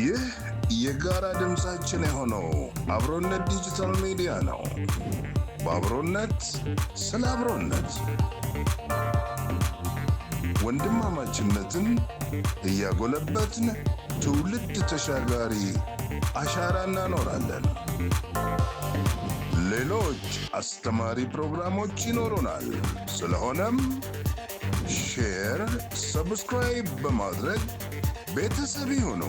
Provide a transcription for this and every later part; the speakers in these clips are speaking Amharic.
ይህ የጋራ ድምፃችን የሆነው አብሮነት ዲጂታል ሚዲያ ነው። በአብሮነት ስለ አብሮነት ወንድማማችነትን እያጎለበትን ትውልድ ተሻጋሪ አሻራ እናኖራለን። ሌሎች አስተማሪ ፕሮግራሞች ይኖሩናል። ስለሆነም ሼር፣ ሰብስክራይብ በማድረግ ቤተሰብ ይሁኑ።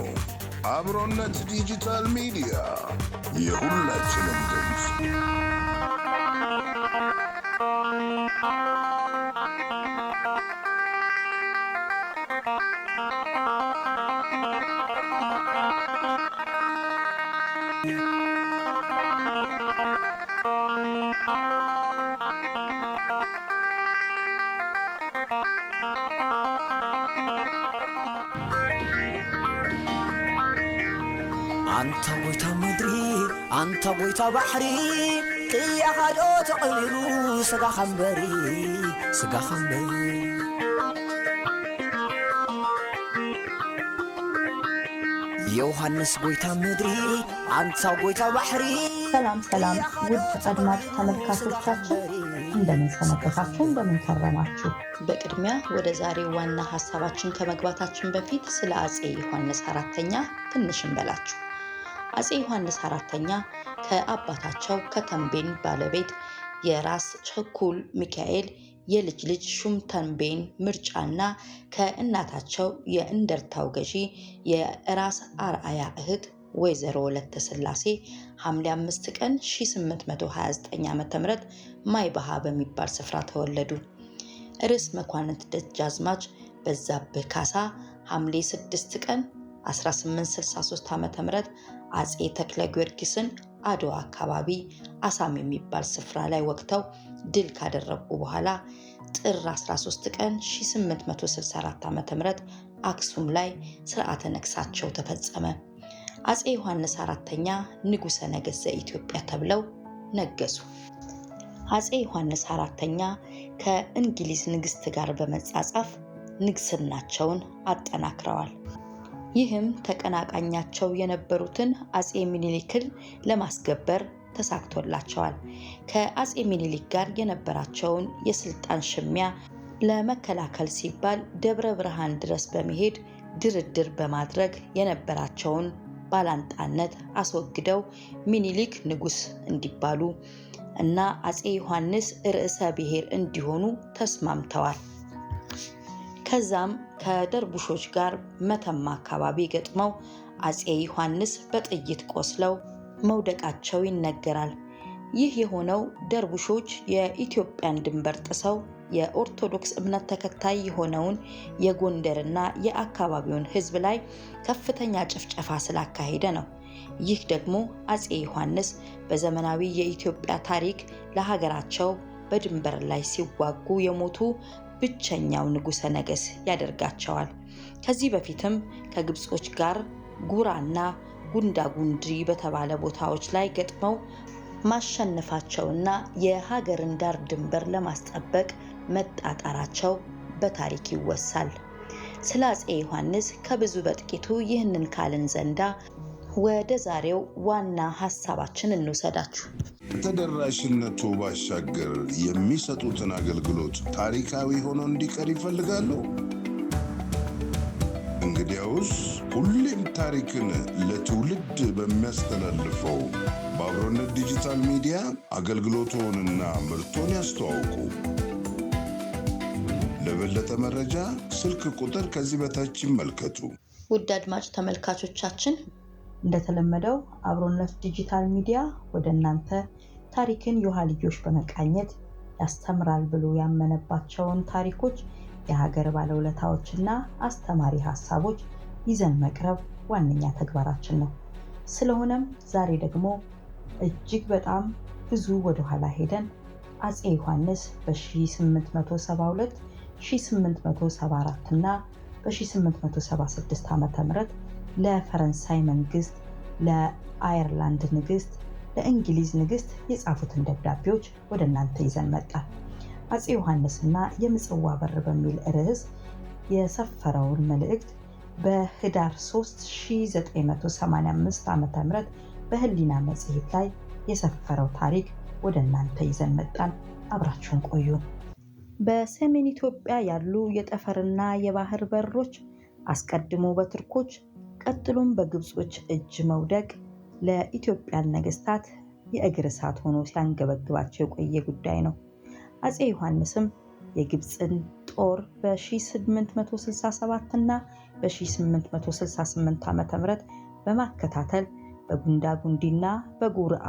አብሮነት ዲጂታል ሚዲያ የሁላችንም ድምፅ። Yeah. አንተ ጎይታ ምድሪ አንተ ጎይታ ባሕሪ ቅያ ኻድኦ ተቐይሩ ስጋ ኸንበሪ ስጋ ኸንበሪ የዮሐንስ ጎይታ ምድሪ አንተ ጎይታ ባሕሪ። ሰላም ሰላም፣ ውድ አድማጭ ተመልካቾቻችን እንደምን ሰነበታችሁ? እንደምን ከረማችሁ? በቅድሚያ ወደ ዛሬ ዋና ሀሳባችን ከመግባታችን በፊት ስለ አፄ ዮሐንስ አራተኛ ትንሽ እንበላችሁ። አጼ ዮሐንስ አራተኛ ከአባታቸው ከተንቤን ባለቤት የራስ ቸኩል ሚካኤል የልጅ ልጅ ሹም ተንቤን ምርጫና ከእናታቸው የእንደርታው ገዢ የራስ አርአያ እህት ወይዘሮ ወለተ ስላሴ ሐምሌ 5 ቀን 1829 ም ማይባሃ በሚባል ስፍራ ተወለዱ። ርዕስ መኳንንት ደጃዝማች በዛብህ ካሳ ሐምሌ 6 ቀን 1863 ም አጼ ተክለ ጊዮርጊስን አድዋ አካባቢ አሳም የሚባል ስፍራ ላይ ወቅተው ድል ካደረጉ በኋላ ጥር 13 ቀን 1864 ዓ.ም አክሱም ላይ ስርዓተ ነግሳቸው ተፈጸመ። አጼ ዮሐንስ አራተኛ ንጉሠ ነገሥት ዘኢትዮጵያ ተብለው ነገሱ። አጼ ዮሐንስ አራተኛ ከእንግሊዝ ንግሥት ጋር በመጻጻፍ ንግስናቸውን አጠናክረዋል። ይህም ተቀናቃኛቸው የነበሩትን አጼ ሚኒሊክን ለማስገበር ተሳክቶላቸዋል። ከአጼ ሚኒሊክ ጋር የነበራቸውን የስልጣን ሽሚያ ለመከላከል ሲባል ደብረ ብርሃን ድረስ በመሄድ ድርድር በማድረግ የነበራቸውን ባላንጣነት አስወግደው ሚኒሊክ ንጉስ እንዲባሉ እና አጼ ዮሐንስ ርዕሰ ብሔር እንዲሆኑ ተስማምተዋል። ከዛም ከደርቡሾች ጋር መተማ አካባቢ ገጥመው አፄ ዮሐንስ በጥይት ቆስለው መውደቃቸው ይነገራል። ይህ የሆነው ደርቡሾች የኢትዮጵያን ድንበር ጥሰው የኦርቶዶክስ እምነት ተከታይ የሆነውን የጎንደርና የአካባቢውን ሕዝብ ላይ ከፍተኛ ጭፍጨፋ ስላካሄደ ነው። ይህ ደግሞ አጼ ዮሐንስ በዘመናዊ የኢትዮጵያ ታሪክ ለሀገራቸው በድንበር ላይ ሲዋጉ የሞቱ ብቸኛው ንጉሠ ነገሥት ያደርጋቸዋል። ከዚህ በፊትም ከግብጾች ጋር ጉራና ጉንዳጉንዲ በተባለ ቦታዎች ላይ ገጥመው ማሸነፋቸውና የሀገርን ዳር ድንበር ለማስጠበቅ መጣጣራቸው በታሪክ ይወሳል። ስለ አፄ ዮሐንስ ከብዙ በጥቂቱ ይህንን ካልን ዘንዳ ወደ ዛሬው ዋና ሀሳባችን እንውሰዳችሁ። ከተደራሽነቱ ባሻገር የሚሰጡትን አገልግሎት ታሪካዊ ሆኖ እንዲቀር ይፈልጋሉ። እንግዲያውስ ሁሌም ታሪክን ለትውልድ በሚያስተላልፈው በአብሮነት ዲጂታል ሚዲያ አገልግሎቶንና ምርቶን ያስተዋውቁ። ለበለጠ መረጃ ስልክ ቁጥር ከዚህ በታች ይመልከቱ። ውድ አድማጭ ተመልካቾቻችን እንደተለመደው አብሮነት ዲጂታል ሚዲያ ወደ እናንተ ታሪክን የውሃ ልጆች በመቃኘት ያስተምራል ብሎ ያመነባቸውን ታሪኮች፣ የሀገር ባለውለታዎችና አስተማሪ ሀሳቦች ይዘን መቅረብ ዋነኛ ተግባራችን ነው። ስለሆነም ዛሬ ደግሞ እጅግ በጣም ብዙ ወደኋላ ሄደን አፄ ዮሐንስ በ1872 1874 እና በ1876 ዓ.ም ለፈረንሳይ መንግስት ለአየርላንድ ንግስት ለእንግሊዝ ንግሥት የጻፉትን ደብዳቤዎች ወደ እናንተ ይዘን መጣል። አፄ ዮሐንስና የምጽዋ በር በሚል ርዕስ የሰፈረውን መልእክት በህዳር 3 1985 ዓ ም በህሊና መጽሔት ላይ የሰፈረው ታሪክ ወደ እናንተ ይዘን መጣን። አብራችሁን ቆዩ። በሰሜን ኢትዮጵያ ያሉ የጠፈርና የባህር በሮች አስቀድሞ በትርኮች ቀጥሎም በግብጾች እጅ መውደቅ ለኢትዮጵያን ነገስታት የእግር እሳት ሆኖ ሲያንገበግባቸው የቆየ ጉዳይ ነው። አፄ ዮሐንስም የግብፅን ጦር በ1867 እና በ1868 ዓ ም በማከታተል በጉንዳ ጉንዲና በጉርአ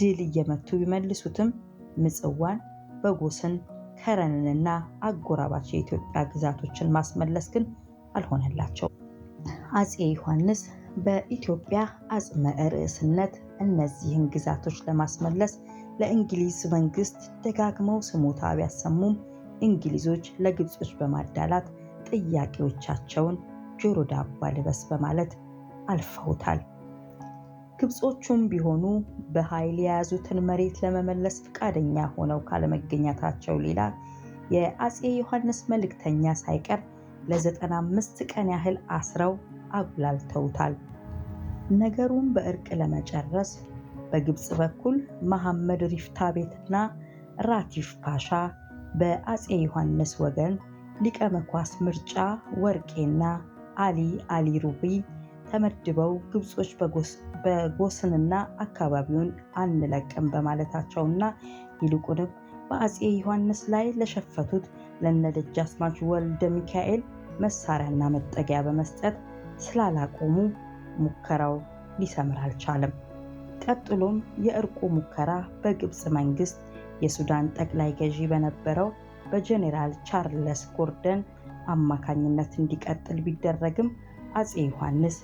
ድል እየመቱ ቢመልሱትም ምጽዋን፣ በጎስን፣ ከረንንና አጎራባች የኢትዮጵያ ግዛቶችን ማስመለስ ግን አልሆነላቸው። አፄ ዮሐንስ በኢትዮጵያ አጽመ ርዕስነት እነዚህን ግዛቶች ለማስመለስ ለእንግሊዝ መንግስት ደጋግመው ስሞታ ቢያሰሙም እንግሊዞች ለግብጾች በማዳላት ጥያቄዎቻቸውን ጆሮ ዳባ ልበስ በማለት አልፈውታል። ግብጾቹም ቢሆኑ በኃይል የያዙትን መሬት ለመመለስ ፈቃደኛ ሆነው ካለመገኘታቸው ሌላ የአፄ ዮሐንስ መልእክተኛ ሳይቀር ለ95 ቀን ያህል አስረው አጉላልተውታል። ነገሩን በእርቅ ለመጨረስ በግብፅ በኩል መሐመድ ሪፍታ ቤትና ራቲፍ ፓሻ በአፄ ዮሐንስ ወገን ሊቀ መኳስ ምርጫ ወርቄና አሊ አሊ ሩቢ ተመድበው ግብጾች በጎስንና አካባቢውን አንለቅም በማለታቸውና ይልቁንም በአፄ ዮሐንስ ላይ ለሸፈቱት ለነደጃዝማች ወልደ ሚካኤል መሳሪያና መጠጊያ በመስጠት ስላላቆሙ ሙከራው ሊሰምር አልቻለም። ቀጥሎም የእርቁ ሙከራ በግብፅ መንግስት የሱዳን ጠቅላይ ገዢ በነበረው በጀኔራል ቻርለስ ጎርደን አማካኝነት እንዲቀጥል ቢደረግም አፄ ዮሐንስ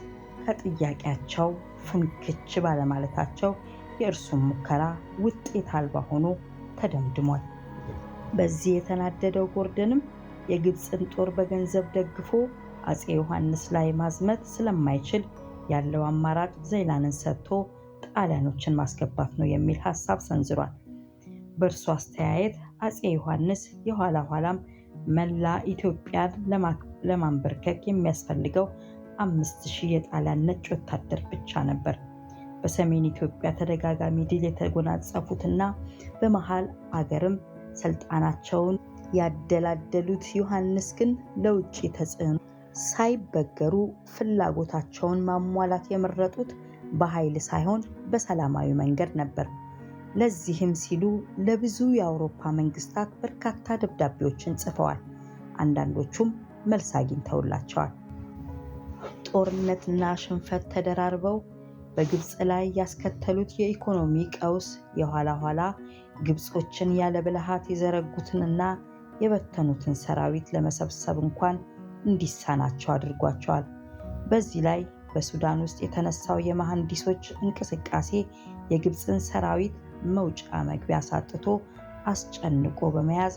ከጥያቄያቸው ፍንክች ባለማለታቸው የእርሱን ሙከራ ውጤት አልባ ሆኖ ተደምድሟል። በዚህ የተናደደው ጎርደንም የግብፅን ጦር በገንዘብ ደግፎ አጼ ዮሐንስ ላይ ማዝመት ስለማይችል ያለው አማራጭ ዜላንን ሰጥቶ ጣሊያኖችን ማስገባት ነው የሚል ሀሳብ ሰንዝሯል። በእርሱ አስተያየት አጼ ዮሐንስ የኋላ ኋላም መላ ኢትዮጵያን ለማንበርከክ የሚያስፈልገው አምስት ሺህ የጣሊያን ነጭ ወታደር ብቻ ነበር። በሰሜን ኢትዮጵያ ተደጋጋሚ ድል የተጎናጸፉትና በመሃል አገርም ስልጣናቸውን ያደላደሉት ዮሐንስ ግን ለውጭ ተጽዕኖ ሳይበገሩ ፍላጎታቸውን ማሟላት የመረጡት በኃይል ሳይሆን በሰላማዊ መንገድ ነበር። ለዚህም ሲሉ ለብዙ የአውሮፓ መንግስታት በርካታ ደብዳቤዎችን ጽፈዋል። አንዳንዶቹም መልስ አግኝተውላቸዋል። ጦርነትና ሽንፈት ተደራርበው በግብፅ ላይ ያስከተሉት የኢኮኖሚ ቀውስ የኋላ ኋላ ግብፆችን ያለ ብልሃት የዘረጉትንና የበተኑትን ሰራዊት ለመሰብሰብ እንኳን እንዲሳናቸው አድርጓቸዋል። በዚህ ላይ በሱዳን ውስጥ የተነሳው የመሐንዲሶች እንቅስቃሴ የግብፅን ሰራዊት መውጫ መግቢያ ሳጥቶ አስጨንቆ በመያዝ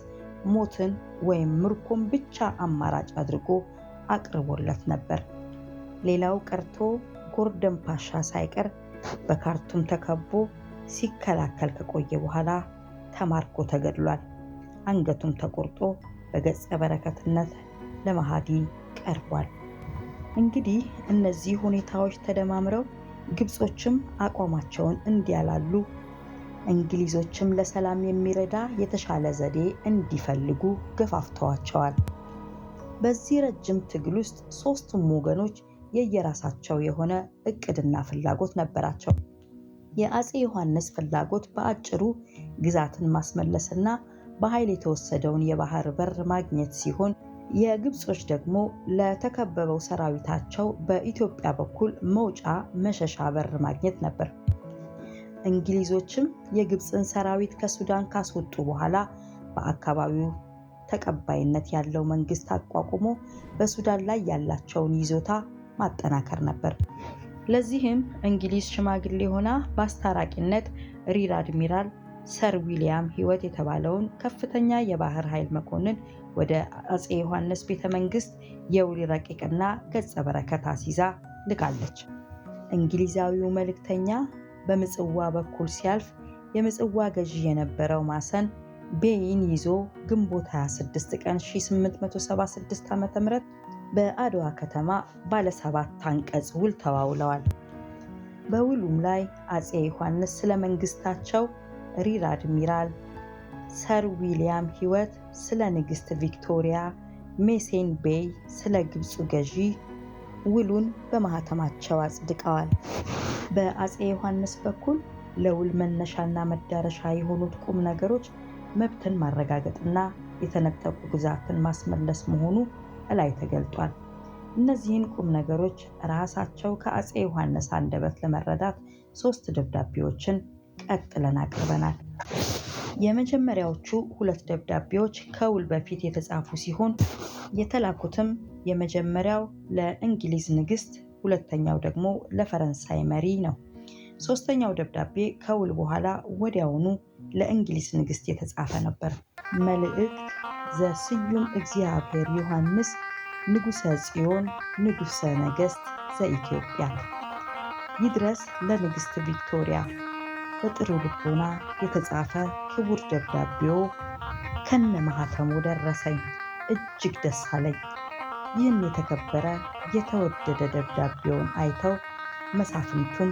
ሞትን ወይም ምርኮን ብቻ አማራጭ አድርጎ አቅርቦለት ነበር። ሌላው ቀርቶ ጎርደን ፓሻ ሳይቀር በካርቱም ተከቦ ሲከላከል ከቆየ በኋላ ተማርኮ ተገድሏል። አንገቱም ተቆርጦ በገጸ በረከትነት ለመሃዲ ቀርቧል። እንግዲህ እነዚህ ሁኔታዎች ተደማምረው ግብጾችም አቋማቸውን እንዲያላሉ፣ እንግሊዞችም ለሰላም የሚረዳ የተሻለ ዘዴ እንዲፈልጉ ገፋፍተዋቸዋል። በዚህ ረጅም ትግል ውስጥ ሦስቱም ወገኖች የየራሳቸው የሆነ እቅድና ፍላጎት ነበራቸው። የአፄ ዮሐንስ ፍላጎት በአጭሩ ግዛትን ማስመለስና በኃይል የተወሰደውን የባህር በር ማግኘት ሲሆን የግብጾች ደግሞ ለተከበበው ሰራዊታቸው በኢትዮጵያ በኩል መውጫ መሸሻ በር ማግኘት ነበር። እንግሊዞችም የግብፅን ሰራዊት ከሱዳን ካስወጡ በኋላ በአካባቢው ተቀባይነት ያለው መንግስት አቋቁሞ በሱዳን ላይ ያላቸውን ይዞታ ማጠናከር ነበር። ለዚህም እንግሊዝ ሽማግሌ ሆና በአስታራቂነት ሪር አድሚራል ሰር ዊሊያም ህይወት የተባለውን ከፍተኛ የባህር ኃይል መኮንን ወደ አፄ ዮሐንስ ቤተ መንግሥት የውል ረቂቅና ገጸ በረከት አስይዛ ልካለች። እንግሊዛዊው መልእክተኛ በምጽዋ በኩል ሲያልፍ የምጽዋ ገዢ የነበረው ማሰን ቤይን ይዞ ግንቦት 26 ቀን 1876 ዓ ም በአድዋ ከተማ ባለ ሰባት አንቀጽ ውል ተዋውለዋል። በውሉም ላይ አፄ ዮሐንስ ስለ መንግስታቸው ሪር አድሚራል ሰር ዊሊያም ሕይወት፣ ስለ ንግሥት ቪክቶሪያ፣ ሜሴን ቤይ ስለ ግብፁ ገዢ ውሉን በማኅተማቸው አጽድቀዋል። በአጼ ዮሐንስ በኩል ለውል መነሻና መዳረሻ የሆኑት ቁም ነገሮች መብትን ማረጋገጥና የተነጠቁ ግዛትን ማስመለስ መሆኑ እላይ ተገልጧል። እነዚህን ቁም ነገሮች ራሳቸው ከአጼ ዮሐንስ አንደበት ለመረዳት ሶስት ደብዳቤዎችን ቀጥለን አቅርበናል። የመጀመሪያዎቹ ሁለት ደብዳቤዎች ከውል በፊት የተጻፉ ሲሆን የተላኩትም የመጀመሪያው ለእንግሊዝ ንግሥት፣ ሁለተኛው ደግሞ ለፈረንሳይ መሪ ነው። ሶስተኛው ደብዳቤ ከውል በኋላ ወዲያውኑ ለእንግሊዝ ንግሥት የተጻፈ ነበር። መልእክት ዘስዩም እግዚአብሔር ዮሐንስ ንጉሰ ጽዮን ንጉሰ ነገሥት ዘኢትዮጵያ ይድረስ ለንግሥት ቪክቶሪያ በጥሩ ልቦና የተጻፈ ክቡር ደብዳቤዎ ከነ ማኅተሙ ደረሰኝ። እጅግ ደስ አለኝ። ይህን የተከበረ የተወደደ ደብዳቤውን አይተው መሳፍንቱም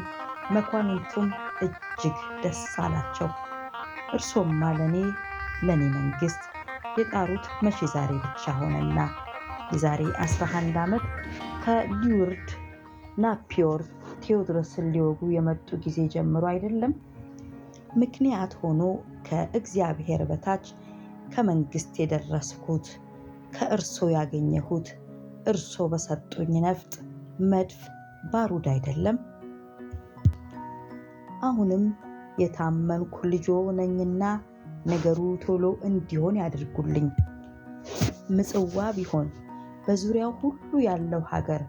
መኳንንቱም እጅግ ደስ አላቸው። እርሶማ ለእኔ ለእኔ መንግሥት የጣሩት መቼ ዛሬ ብቻ ሆነና የዛሬ 11 ዓመት ከሊውርድ ናፒዮር ቴዎድሮስን ሊወጉ የመጡ ጊዜ ጀምሮ አይደለም? ምክንያት ሆኖ ከእግዚአብሔር በታች ከመንግስት የደረስኩት ከእርሶ ያገኘሁት እርሶ በሰጡኝ ነፍጥ፣ መድፍ፣ ባሩድ አይደለም። አሁንም የታመንኩ ልጆ ነኝና ነገሩ ቶሎ እንዲሆን ያድርጉልኝ። ምጽዋ ቢሆን በዙሪያው ሁሉ ያለው ሀገር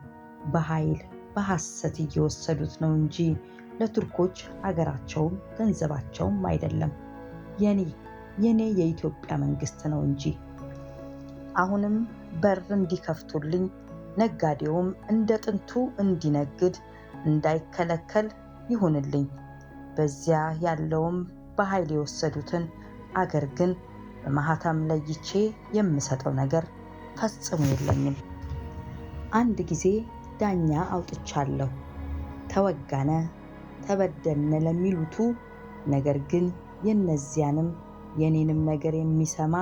በኃይል በሐሰት እየወሰዱት ነው እንጂ ለቱርኮች አገራቸውም ገንዘባቸውም አይደለም የኔ የኔ የኢትዮጵያ መንግስት ነው እንጂ። አሁንም በር እንዲከፍቱልኝ፣ ነጋዴውም እንደ ጥንቱ እንዲነግድ እንዳይከለከል ይሁንልኝ። በዚያ ያለውም በኃይል የወሰዱትን አገር ግን በማህተም ለይቼ የምሰጠው ነገር ፈጽሞ የለኝም። አንድ ጊዜ ዳኛ አውጥቻለሁ። ተወጋነ ተበደነ ለሚሉቱ ነገር ግን የእነዚያንም የኔንም ነገር የሚሰማ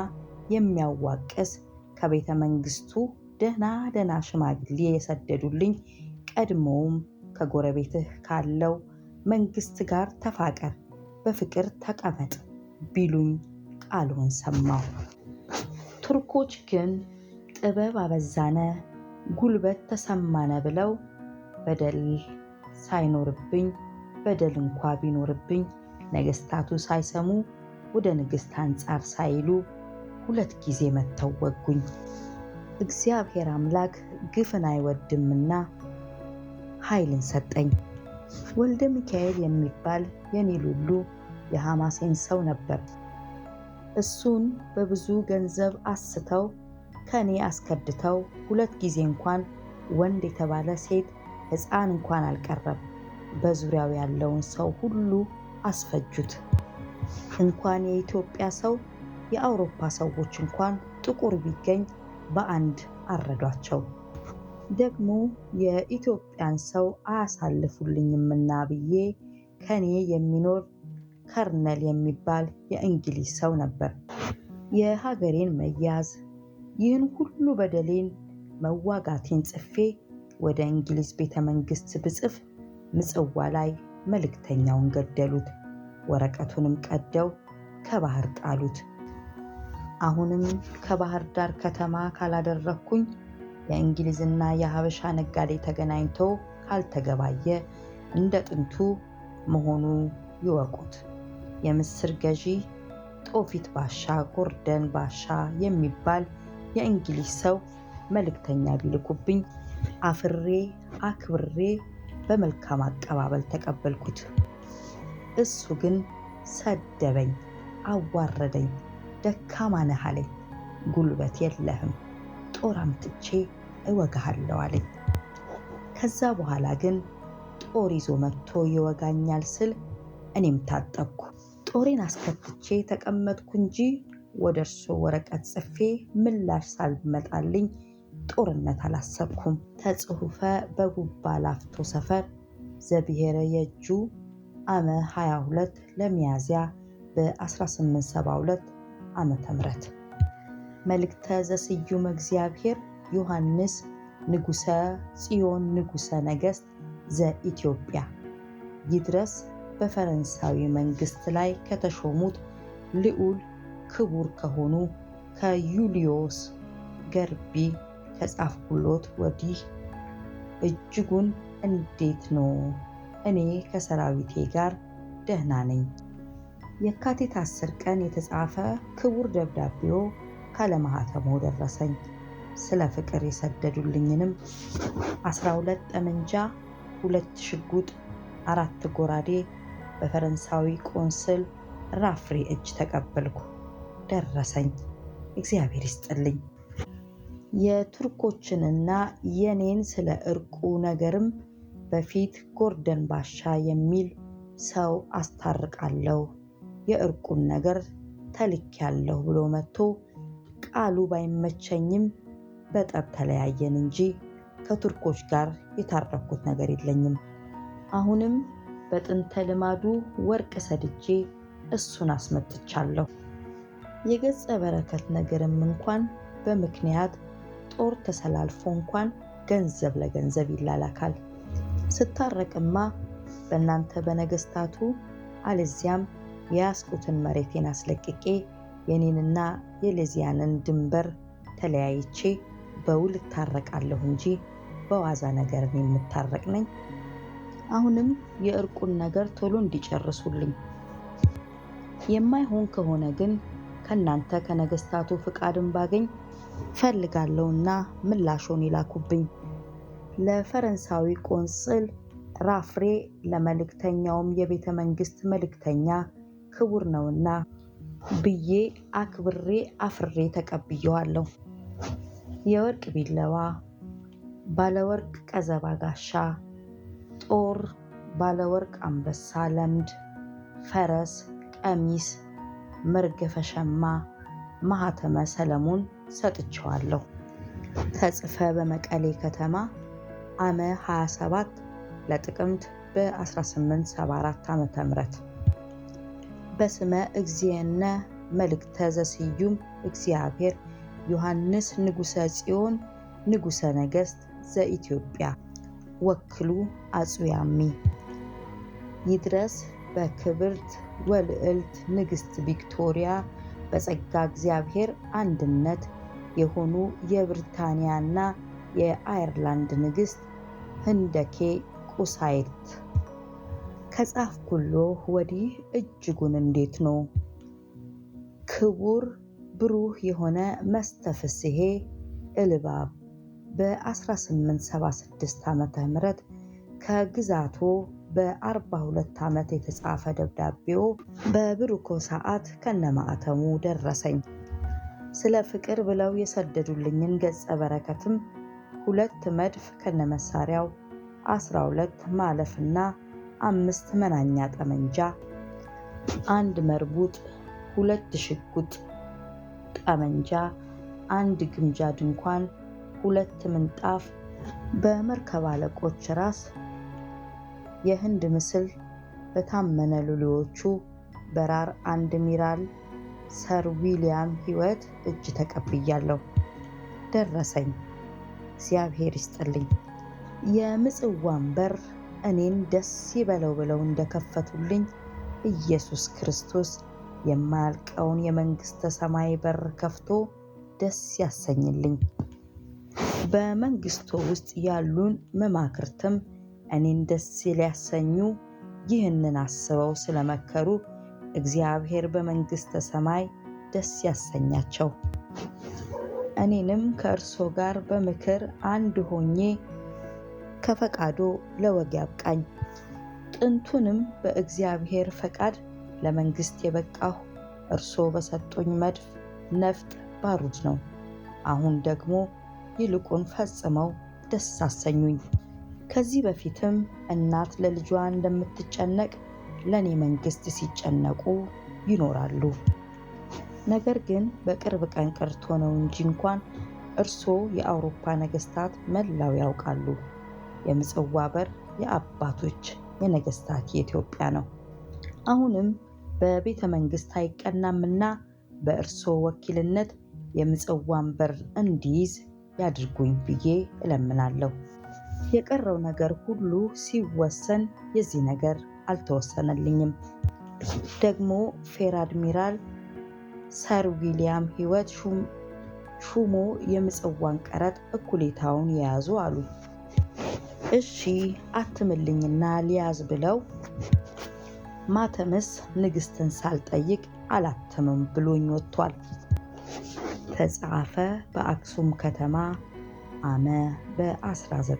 የሚያዋቅስ ከቤተ መንግስቱ ደህና ደህና ሽማግሌ የሰደዱልኝ ቀድሞውም ከጎረቤትህ ካለው መንግስት ጋር ተፋቀር፣ በፍቅር ተቀመጥ ቢሉኝ ቃሉን ሰማሁ። ቱርኮች ግን ጥበብ አበዛነ፣ ጉልበት ተሰማነ ብለው በደል ሳይኖርብኝ በደል እንኳ ቢኖርብኝ ነገስታቱ ሳይሰሙ ወደ ንግሥት አንጻር ሳይሉ ሁለት ጊዜ መጥተው ወጉኝ። እግዚአብሔር አምላክ ግፍን አይወድምና ኃይልን ሰጠኝ። ወልደ ሚካኤል የሚባል የኔል የሐማሴን ሰው ነበር። እሱን በብዙ ገንዘብ አስተው ከእኔ አስከድተው ሁለት ጊዜ እንኳን ወንድ የተባለ ሴት ሕፃን እንኳን አልቀረም። በዙሪያው ያለውን ሰው ሁሉ አስፈጁት። እንኳን የኢትዮጵያ ሰው የአውሮፓ ሰዎች እንኳን ጥቁር ቢገኝ በአንድ አረዷቸው። ደግሞ የኢትዮጵያን ሰው አያሳልፉልኝምና ብዬ ከኔ የሚኖር ከርነል የሚባል የእንግሊዝ ሰው ነበር። የሀገሬን መያዝ ይህን ሁሉ በደሌን መዋጋቴን ጽፌ ወደ እንግሊዝ ቤተ መንግስት ብጽፍ ምጽዋ ላይ መልእክተኛውን ገደሉት። ወረቀቱንም ቀደው ከባህር ጣሉት። አሁንም ከባህር ዳር ከተማ ካላደረግኩኝ የእንግሊዝና የሀበሻ ነጋዴ ተገናኝቶ ካልተገባየ እንደ ጥንቱ መሆኑ ይወቁት። የምስር ገዢ ጦፊት ባሻ ጎርደን ባሻ የሚባል የእንግሊዝ ሰው መልእክተኛ ቢልኩብኝ አፍሬ አክብሬ በመልካም አቀባበል ተቀበልኩት። እሱ ግን ሰደበኝ፣ አዋረደኝ። ደካማ ነህ አለኝ፣ ጉልበት የለህም፣ ጦር አምጥቼ እወጋሃለሁ አለኝ። ከዛ በኋላ ግን ጦር ይዞ መጥቶ ይወጋኛል ስል እኔም ታጠቅኩ። ጦሬን አስከትቼ ተቀመጥኩ እንጂ ወደ እርሶ ወረቀት ጽፌ ምላሽ ሳልመጣልኝ ጦርነት አላሰብኩም። ተጽሑፈ በጉባ ላፍቶ ሰፈር ዘብሔረ የእጁ አመ 22 ለሚያዝያ በ1872 ዓ ምህረት መልእክተ ዘስዩም እግዚአብሔር ዮሐንስ ንጉሰ ጽዮን ንጉሰ ነገሥት ዘኢትዮጵያ ይድረስ በፈረንሳዊ መንግሥት ላይ ከተሾሙት ልዑል ክቡር ከሆኑ ከዩልዮስ ገርቢ ከጻፍኩሎት ወዲህ እጅጉን እንዴት ነው እኔ ከሰራዊቴ ጋር ደህና ነኝ። የካቲት አስር ቀን የተጻፈ ክቡር ደብዳቤው ካለማህተሞ ደረሰኝ። ስለ ፍቅር የሰደዱልኝንም 12 ጠመንጃ፣ ሁለት ሽጉጥ፣ አራት ጎራዴ በፈረንሳዊ ቆንስል ራፍሬ እጅ ተቀበልኩ። ደረሰኝ። እግዚአብሔር ይስጥልኝ። የቱርኮችንና የኔን ስለ እርቁ ነገርም በፊት ጎርደን ባሻ የሚል ሰው አስታርቃለሁ የእርቁን ነገር ተልኬያለሁ ብሎ መጥቶ ቃሉ ባይመቸኝም በጠብ ተለያየን እንጂ ከቱርኮች ጋር የታረኩት ነገር የለኝም። አሁንም በጥንተ ልማዱ ወርቅ ሰድጄ እሱን አስመጥቻለሁ። የገጸ በረከት ነገርም እንኳን በምክንያት ጦር ተሰላልፎ እንኳን ገንዘብ ለገንዘብ ይላላካል። ስታረቅማ በእናንተ በነገስታቱ አለዚያም የያስኩትን መሬቴን አስለቅቄ የኔንና የሌዚያንን ድንበር ተለያይቼ በውል እታረቃለሁ እንጂ በዋዛ ነገርን የምታረቅ ነኝ። አሁንም የእርቁን ነገር ቶሎ እንዲጨርሱልኝ፣ የማይሆን ከሆነ ግን ከእናንተ ከነገስታቱ ፍቃድን ባገኝ ፈልጋለሁና ምላሾን ይላኩብኝ። ለፈረንሳዊ ቆንስል ራፍሬ ለመልእክተኛውም የቤተ መንግስት መልእክተኛ ክቡር ነውና ብዬ አክብሬ አፍሬ ተቀብየዋለሁ። የወርቅ ቢለዋ፣ ባለወርቅ ቀዘባ ጋሻ፣ ጦር፣ ባለወርቅ አንበሳ ለምድ፣ ፈረስ፣ ቀሚስ፣ መርገፈ ሸማ፣ ማህተመ ሰለሞን ሰጥቼዋለሁ። ተጽፈ በመቀሌ ከተማ አመ 27 ለጥቅምት በ1874 ዓ ም በስመ እግዚእነ መልእክተ ዘስዩም እግዚአብሔር ዮሐንስ ንጉሠ ጽዮን ንጉሠ ነገሥት ዘኢትዮጵያ ወክሉ አጽያሚ ይድረስ በክብርት ወልዕልት ንግሥት ቪክቶሪያ በጸጋ እግዚአብሔር አንድነት የሆኑ የብሪታንያና የአየርላንድ ንግሥት ህንደኬ ቁሳይት ኩሎ ወዲህ እጅጉን እንዴት ነው ክቡር ብሩህ የሆነ መስተፍስሄ እልባብ በ1876 ዓ ም ከግዛቱ በ42 ዓመት የተጻፈ ደብዳቤው በብሩኮ ሰዓት ከነማዕተሙ ደረሰኝ። ስለ ፍቅር ብለው የሰደዱልኝን ገጸ በረከትም ሁለት መድፍ ከነመሳሪያው ሁለት ማለፍና አምስት መናኛ ጠመንጃ፣ አንድ መርቡጥ፣ ሁለት ሽጉጥ ጠመንጃ፣ አንድ ግምጃ ድንኳን፣ ሁለት ምንጣፍ፣ በመርከብ አለቆች ራስ የህንድ ምስል፣ በታመነ ሉሊዎቹ በራር አንድ ሚራል ሰር ዊሊያም ህይወት እጅ ተቀብያለሁ። ደረሰኝ። እግዚአብሔር ይስጥልኝ። የምጽዋን በር እኔን ደስ ይበለው ብለው እንደከፈቱልኝ ኢየሱስ ክርስቶስ የማያልቀውን የመንግሥተ ሰማይ በር ከፍቶ ደስ ያሰኝልኝ። በመንግሥቱ ውስጥ ያሉን መማክርትም እኔን ደስ ሊያሰኙ ይህንን አስበው ስለመከሩ እግዚአብሔር በመንግሥተ ሰማይ ደስ ያሰኛቸው። እኔንም ከእርሶ ጋር በምክር አንድ ሆኜ ከፈቃዱ ለወግ ያብቃኝ። ጥንቱንም በእግዚአብሔር ፈቃድ ለመንግሥት የበቃሁ እርሶ በሰጡኝ መድፍ ነፍጥ ባሩድ ነው። አሁን ደግሞ ይልቁን ፈጽመው ደስ አሰኙኝ። ከዚህ በፊትም እናት ለልጇ እንደምትጨነቅ ለእኔ መንግስት ሲጨነቁ ይኖራሉ። ነገር ግን በቅርብ ቀን ቀርቶ ነው እንጂ እንኳን እርስዎ የአውሮፓ ነገስታት መላው ያውቃሉ። የምጽዋ በር የአባቶች የነገስታት የኢትዮጵያ ነው። አሁንም በቤተ መንግስት አይቀናምና በእርስዎ ወኪልነት የምጽዋን በር እንዲይዝ ያድርጉኝ ብዬ እለምናለሁ። የቀረው ነገር ሁሉ ሲወሰን የዚህ ነገር አልተወሰነልኝም። ደግሞ ፌር አድሚራል ሰር ዊሊያም ሕይወት ሹሞ የምጽዋን ቀረጥ እኩሌታውን የያዙ አሉ። እሺ አትምልኝና ሊያዝ ብለው ማተምስ ንግስትን ሳልጠይቅ አላተምም ብሎኝ ወጥቷል። ተጻፈ በአክሱም ከተማ አመ በ19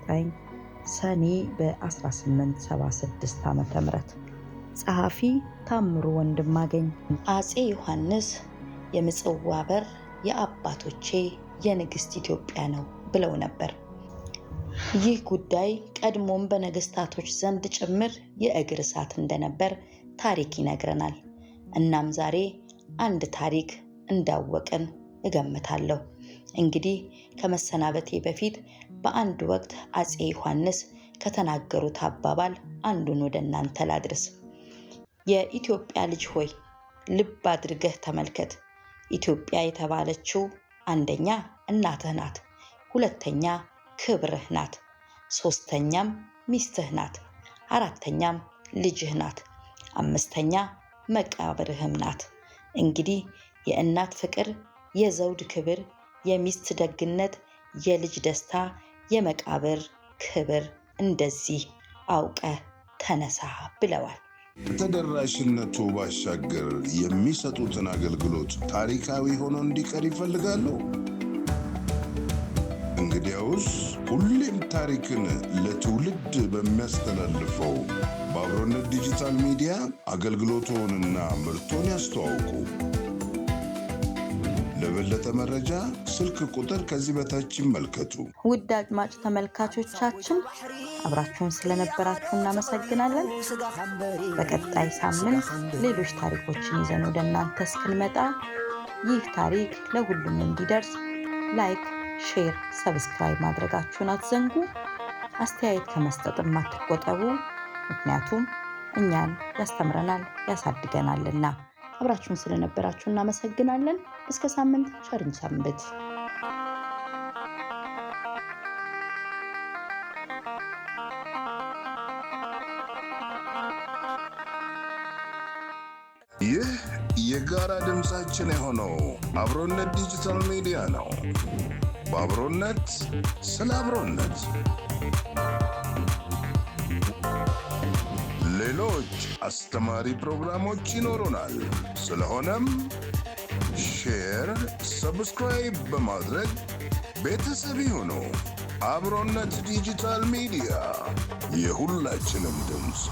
ሰኔ በ1876 ዓ ም ጸሐፊ ታምሩ ወንድማገኝ። አፄ ዮሐንስ የምጽዋ በር የአባቶቼ የንግሥት ኢትዮጵያ ነው ብለው ነበር። ይህ ጉዳይ ቀድሞም በነገስታቶች ዘንድ ጭምር የእግር እሳት እንደነበር ታሪክ ይነግረናል። እናም ዛሬ አንድ ታሪክ እንዳወቅን እገምታለሁ። እንግዲህ ከመሰናበቴ በፊት በአንድ ወቅት አፄ ዮሐንስ ከተናገሩት አባባል አንዱን ወደ እናንተ ላድርስ። የኢትዮጵያ ልጅ ሆይ ልብ አድርገህ ተመልከት። ኢትዮጵያ የተባለችው አንደኛ እናትህ ናት፣ ሁለተኛ ክብርህ ናት፣ ሶስተኛም ሚስትህ ናት፣ አራተኛም ልጅህ ናት፣ አምስተኛ መቃብርህም ናት። እንግዲህ የእናት ፍቅር፣ የዘውድ ክብር፣ የሚስት ደግነት፣ የልጅ ደስታ የመቃብር ክብር እንደዚህ አውቀ ተነሳ ብለዋል። ከተደራሽነቱ ባሻገር የሚሰጡትን አገልግሎት ታሪካዊ ሆኖ እንዲቀር ይፈልጋሉ። እንግዲያውስ ሁሌም ታሪክን ለትውልድ በሚያስተላልፈው በአብሮነት ዲጂታል ሚዲያ አገልግሎቶንና ምርቶን ያስተዋውቁ። ለበለጠ መረጃ ስልክ ቁጥር ከዚህ በታች ይመልከቱ። ውድ አድማጭ ተመልካቾቻችን አብራችሁን ስለነበራችሁ እናመሰግናለን። በቀጣይ ሳምንት ሌሎች ታሪኮችን ይዘን ወደ እናንተ እስክንመጣ ይህ ታሪክ ለሁሉም እንዲደርስ ላይክ፣ ሼር፣ ሰብስክራይብ ማድረጋችሁን አትዘንጉ። አስተያየት ከመስጠትም አትቆጠቡ። ምክንያቱም እኛን ያስተምረናል ያሳድገናልና። አብራችሁን ስለነበራችሁ እናመሰግናለን። እስከ ሳምንት ቸርን ሳምንት ይህ የጋራ ድምፃችን የሆነው አብሮነት ዲጂታል ሚዲያ ነው። በአብሮነት ስለ አብሮነት ሌሎች አስተማሪ ፕሮግራሞች ይኖሩናል። ስለሆነም ሼር፣ ሰብስክራይብ በማድረግ ቤተሰብ ይሁኑ። አብሮነት ዲጂታል ሚዲያ የሁላችንም ድምፅ